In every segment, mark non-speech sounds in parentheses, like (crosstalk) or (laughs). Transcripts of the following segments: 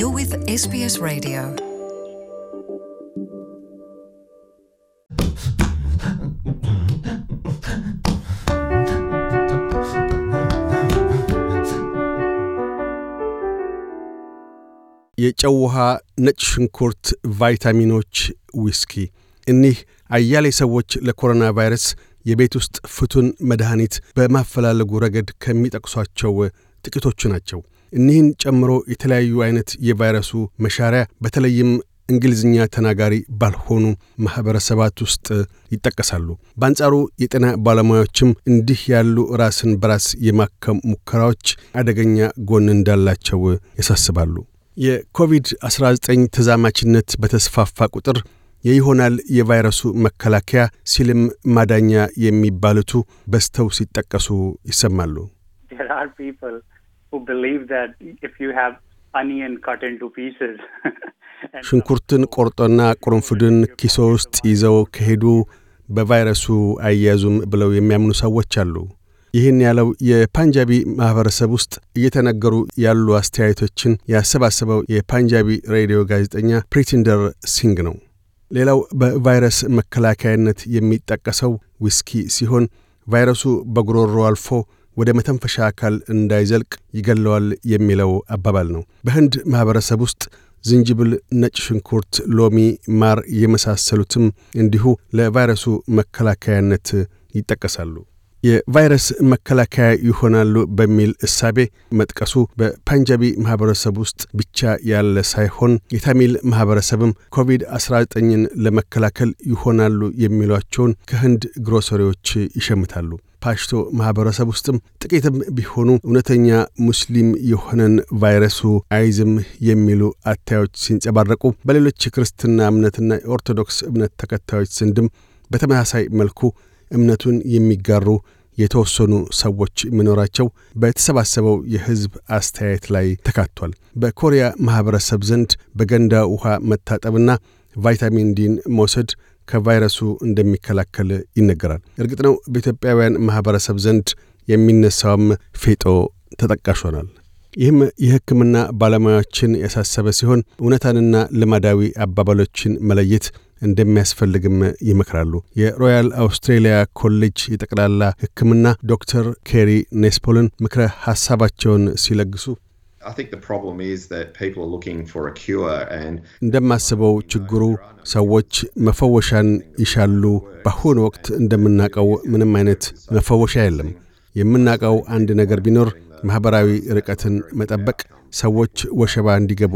You're with SBS Radio. የጨው ውሃ፣ ነጭ ሽንኩርት፣ ቫይታሚኖች፣ ዊስኪ እኒህ አያሌ ሰዎች ለኮሮና ቫይረስ የቤት ውስጥ ፍቱን መድኃኒት በማፈላለጉ ረገድ ከሚጠቅሷቸው ጥቂቶቹ ናቸው። እኒህን ጨምሮ የተለያዩ አይነት የቫይረሱ መሻሪያ በተለይም እንግሊዝኛ ተናጋሪ ባልሆኑ ማኅበረሰባት ውስጥ ይጠቀሳሉ። በአንጻሩ የጤና ባለሙያዎችም እንዲህ ያሉ ራስን በራስ የማከም ሙከራዎች አደገኛ ጎን እንዳላቸው ያሳስባሉ። የኮቪድ-19 ተዛማችነት በተስፋፋ ቁጥር የይሆናል የቫይረሱ መከላከያ ሲልም ማዳኛ የሚባሉቱ በስተው ሲጠቀሱ ይሰማሉ። believe that if you have onion cut into pieces (laughs) ሽንኩርትን ቆርጦና ቁርንፍድን ኪሶ ውስጥ ይዘው ከሄዱ በቫይረሱ አይያዙም ብለው የሚያምኑ ሰዎች አሉ። ይህን ያለው የፓንጃቢ ማኅበረሰብ ውስጥ እየተነገሩ ያሉ አስተያየቶችን ያሰባሰበው የፓንጃቢ ሬዲዮ ጋዜጠኛ ፕሪቲንደር ሲንግ ነው። ሌላው በቫይረስ መከላከያነት የሚጠቀሰው ዊስኪ ሲሆን ቫይረሱ በጉሮሮ አልፎ ወደ መተንፈሻ አካል እንዳይዘልቅ ይገለዋል የሚለው አባባል ነው። በህንድ ማኅበረሰብ ውስጥ ዝንጅብል፣ ነጭ ሽንኩርት፣ ሎሚ፣ ማር የመሳሰሉትም እንዲሁ ለቫይረሱ መከላከያነት ይጠቀሳሉ። የቫይረስ መከላከያ ይሆናሉ በሚል እሳቤ መጥቀሱ በፓንጃቢ ማኅበረሰብ ውስጥ ብቻ ያለ ሳይሆን የታሚል ማኅበረሰብም ኮቪድ-19ን ለመከላከል ይሆናሉ የሚሏቸውን ከህንድ ግሮሰሪዎች ይሸምታሉ። ፓሽቶ ማህበረሰብ ውስጥም ጥቂትም ቢሆኑ እውነተኛ ሙስሊም የሆነን ቫይረሱ አይዝም የሚሉ አታዮች ሲንጸባረቁ በሌሎች የክርስትና እምነትና የኦርቶዶክስ እምነት ተከታዮች ዘንድም በተመሳሳይ መልኩ እምነቱን የሚጋሩ የተወሰኑ ሰዎች መኖራቸው በተሰባሰበው የሕዝብ አስተያየት ላይ ተካቷል። በኮሪያ ማኅበረሰብ ዘንድ በገንዳ ውሃ መታጠብና ቫይታሚን ዲን መውሰድ ከቫይረሱ እንደሚከላከል ይነገራል። እርግጥ ነው በኢትዮጵያውያን ማኅበረሰብ ዘንድ የሚነሳውም ፌጦ ተጠቃሽ ሆኗል። ይህም የሕክምና ባለሙያዎችን ያሳሰበ ሲሆን እውነታንና ልማዳዊ አባባሎችን መለየት እንደሚያስፈልግም ይመክራሉ። የሮያል አውስትሬሊያ ኮሌጅ የጠቅላላ ሕክምና ዶክተር ኬሪ ኔስፖልን ምክረ ሐሳባቸውን ሲለግሱ እንደማስበው ችግሩ ሰዎች መፈወሻን ይሻሉ። በአሁኑ ወቅት እንደምናውቀው ምንም አይነት መፈወሻ የለም። የምናውቀው አንድ ነገር ቢኖር ማኅበራዊ ርቀትን መጠበቅ፣ ሰዎች ወሸባ እንዲገቡ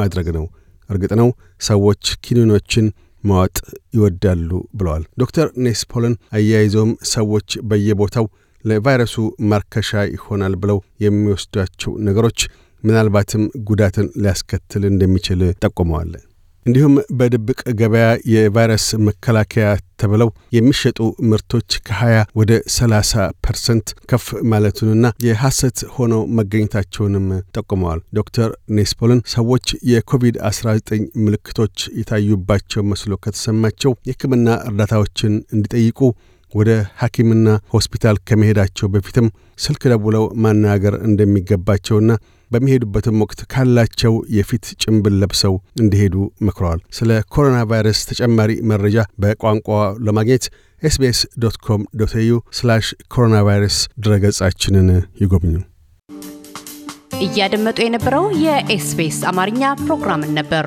ማድረግ ነው። እርግጥ ነው ሰዎች ኪኒኖችን ማዋጥ ይወዳሉ ብለዋል ዶክተር ኔስፖልን። አያይዘውም ሰዎች በየቦታው ለቫይረሱ ማርከሻ ይሆናል ብለው የሚወስዷቸው ነገሮች ምናልባትም ጉዳትን ሊያስከትል እንደሚችል ጠቁመዋል። እንዲሁም በድብቅ ገበያ የቫይረስ መከላከያ ተብለው የሚሸጡ ምርቶች ከ20 ወደ 30 ፐርሰንት ከፍ ማለቱንና የሐሰት ሆነው መገኘታቸውንም ጠቁመዋል። ዶክተር ኔስፖልን ሰዎች የኮቪድ-19 ምልክቶች የታዩባቸው መስሎ ከተሰማቸው የሕክምና እርዳታዎችን እንዲጠይቁ ወደ ሐኪምና ሆስፒታል ከመሄዳቸው በፊትም ስልክ ደውለው ማናገር እንደሚገባቸውና በሚሄዱበትም ወቅት ካላቸው የፊት ጭንብል ለብሰው እንዲሄዱ መክረዋል። ስለ ኮሮና ቫይረስ ተጨማሪ መረጃ በቋንቋ ለማግኘት ኤስቢኤስ ዶት ኮም ዶት ኤዩ ስላሽ ኮሮና ቫይረስ ድረገጻችንን ይጎብኙ። እያደመጡ የነበረው የኤስቢኤስ አማርኛ ፕሮግራምን ነበር።